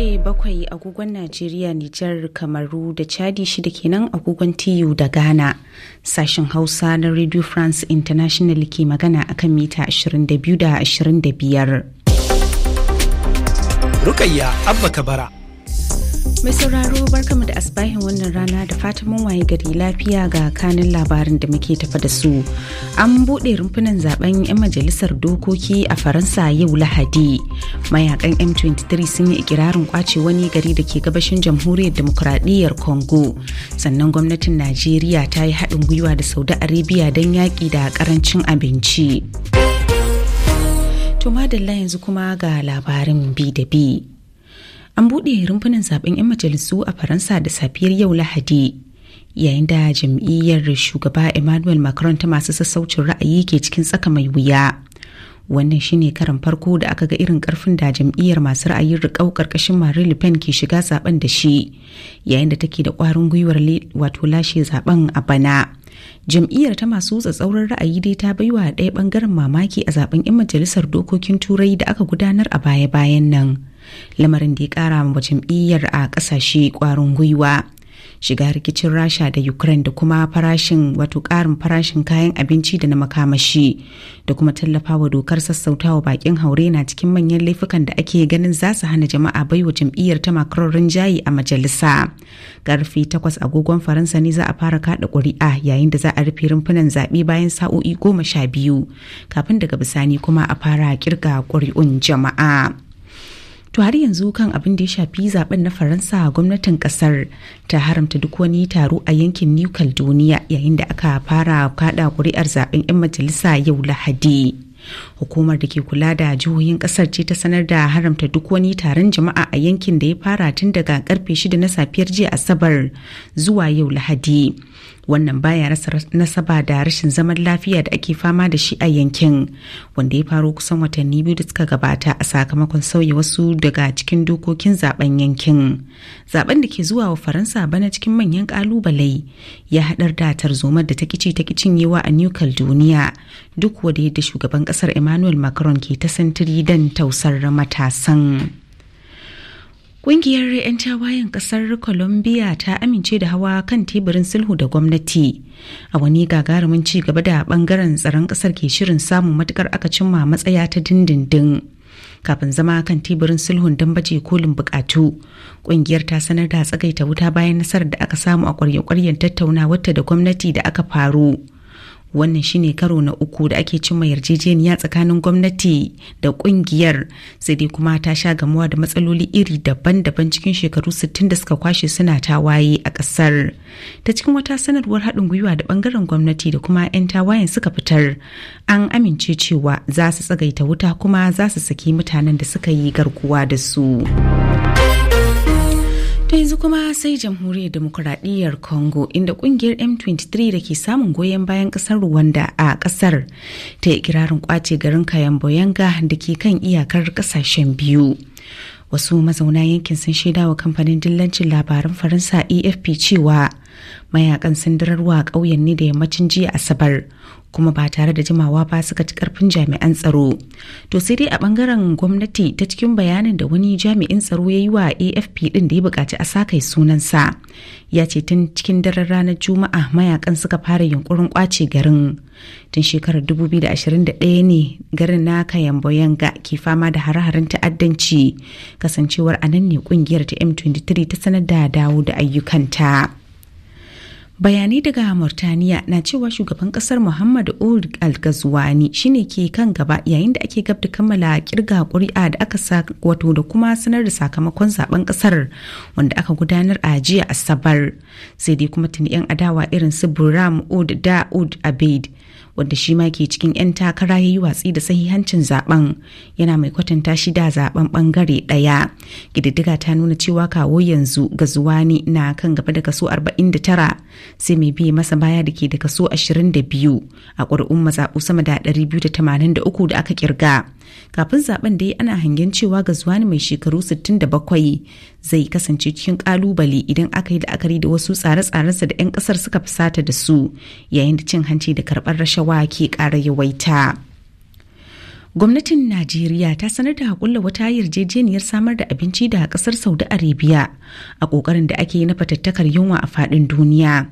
karfe bakwai agogon Najeriya, Nijar, Kamaru da Chadi shida kenan agogon TU da Ghana. Sashen Hausa na Radio France International ke magana akan mita 22 da 25. Rukayya Abba Kabara Mai sauraro barkamu da asbahin wannan rana da fatan mun waye gari lafiya ga kanin labarin da muke tafa da su. An buɗe rumfunan zaben 'yan majalisar dokoki a Faransa yau Lahadi. Mayakan M23 sun yi ikirarin kwace wani gari da ke gabashin jamhuriyar demokuraɗiyyar Congo. Sannan gwamnatin Najeriya ta yi haɗin gwiwa da Saudi Arabia don yaƙi da ƙarancin abinci. To madalla yanzu kuma ga labarin bi da bi. an buɗe rumfunan zaben 'yan majalisu a faransa da safiyar yau lahadi yayin da jam'iyyar shugaba emmanuel macron ta masu sassaucin ra'ayi ke cikin tsaka mai wuya wannan shine karan farko da aka ga irin karfin da jam'iyyar masu ra'ayin riƙau ƙarƙashin marie le pen ke shiga zaben da shi yayin da take da ƙwarin gwiwar wato lashe zaben a bana jam'iyyar ta masu tsatsauran ra'ayi dai ta wa ɗaya ɓangaren mamaki a zaben 'yan majalisar dokokin turai da aka gudanar a baya-bayan nan lamarin da ya ƙara wa jam'iyyar a ƙasashe ƙwarin gwiwa shiga rikicin rasha da ukraine da kuma farashin wato karin farashin kayan abinci da na makamashi da kuma tallafa wa dokar sassautawa bakin haure na cikin manyan laifukan da ake ganin za su hana jama'a bai wa jam'iyyar ta macron rinjaye a majalisa karfe takwas agogon faransa ne za a fara kada ƙuri'a yayin da za a rufe rumfunan zaɓe bayan sa'o'i goma sha biyu kafin daga bisani kuma a fara kirga ƙuri'un jama'a. To har yanzu kan abin da ya shafi zaben na Faransa gwamnatin kasar ta haramta duk wani taro a yankin New Caledonia yayin da aka fara kada kuri'ar zaben 'yan majalisa yau Lahadi. Hukumar da ke kula da jihohin kasar ce ta sanar da haramta duk wani taron jama'a a yankin da ya fara tun daga karfe 6 na safiyar jiya Asabar zuwa yau Lahadi. wannan baya rasa nasaba da rashin zaman lafiya da ake fama da shi a yankin wanda ya faro kusan watanni biyu da suka gabata a sakamakon sauya wasu daga cikin dokokin zaben yankin zaben da ke zuwa wa faransa bana cikin manyan kalubale ya haɗar da tarzoma da ta kici ta cinyewa a new caledonia duk wadai da shugaban ƙasar emmanuel macron ke ta santiri dan tausar matasan Ƙungiyar 'yan tawayen ƙasar Colombia ta amince da hawa kan teburin sulhu da gwamnati. A wani gagarumin ci gaba da ɓangaren tsaron ƙasar ke shirin samun matukar aka cimma matsaya ta dindindin. Kafin zama kan teburin sulhun don baje kolin bukatu, ƙungiyar ta sanar da tsagaita wuta bayan nasarar da aka samu a ƙwarya-ƙwaryen ta da gwamnati da aka faru. wannan shine karo na uku da ake cimma yarjejeniya tsakanin gwamnati da kungiyar sai dai kuma ta sha gamuwa da matsaloli iri daban-daban cikin shekaru 60 da suka kwashe suna tawaye a kasar ta cikin wata sanarwar haɗin gwiwa da bangaren gwamnati da kuma 'yan tawayen suka fitar an amince cewa za su tsagaita wuta kuma za su saki mutanen da suka yi garkuwa da su. ta yanzu kuma sai jamhuriyar demokuraɗiyyar congo inda ƙungiyar m23 da ke samun goyon bayan ƙasar rwanda a ƙasar ta yi kirarin kwace garin kayan boyanga da ke kan iyakar ƙasashen biyu wasu mazauna yankin sun shaida wa kamfanin dillancin labaran faransa efp cewa mayakan sun ƙauyen ne da yammacin jiya asabar kuma ba tare da jimawa ba suka ci karfin jami'an tsaro to sai dai a bangaren gwamnati ta cikin bayanin da wani jami'in tsaro ya yi wa afp din da ya bukaci a sa kai sunansa ya ce tun cikin daren ranar juma'a mayakan suka fara yunkurin kwace garin tun shekarar 2021 ne garin na kayamboyanga ke fama da hare-haren ta'addanci kasancewar a nan ne kungiyar ta m23 ta sanar da dawo da ayyukanta. bayani daga murtaniya na cewa shugaban kasar muhammad old algazwani shine ke kan gaba yayin da ake gab da kammala kirga kuri'a da aka sa wato da kuma sanar da sakamakon zaben kasar wanda aka gudanar a jiya asabar sai dai kuma tuni yan adawa irin su buram old da abid wanda shi ma ke cikin 'yan takara ya yi watsi da sahihancin zaben yana mai kwatanta shi da zaben bangare daya gididdiga ta nuna cewa kawo yanzu gazuwani na kan gaba da kaso 49 sai mai biye masa baya da ke da kaso 22 a ƙuri'un mazaɓu sama da 283 da aka kirga kafin zaben da ya ana hangen cewa ga zuwani mai shekaru 67 zai kasance cikin ƙalubale idan aka yi la'akari da wasu tsare-tsarensa da 'yan ƙasar suka fusata da su yayin da cin hanci da karɓar rashawa ke ƙara yawaita. gwamnatin najeriya ta sanar da hakulla wata yarjejeniyar samar da abinci da ƙasar saudi arabia a ƙoƙarin da ake yi na fatattakar yunwa a faɗin duniya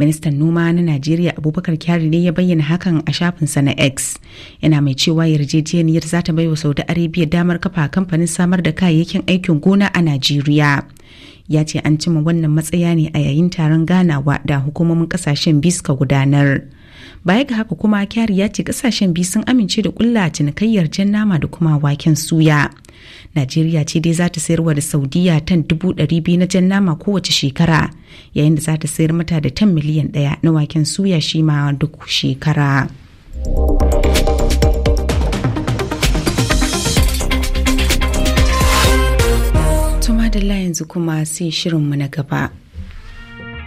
ministan noma na najeriya abubakar kyari ne ya bayyana hakan a shafinsa na x yana mai cewa yarjejeniyar za ta baiwa saudi arabia damar kafa kamfanin samar da kayayyakin aikin gona a najeriya ya ce an cima wannan matsaya ne a yayin taron ganawa da hukumomin kasashen biska suka gudanar baya ga haka kuma kyari ya ce kasashen biyu sun amince da kulla cinikayyar jan nama da kuma waken suya najeriya ce dai za ta sayarwa da saudiya tan dubu ɗari biyu na jan nama kowace shekara yayin da za ta sayar mata da tan miliyan ɗaya na waken suya shi ma duk shekara Tuma da yanzu kuma sai shirinmu na gaba.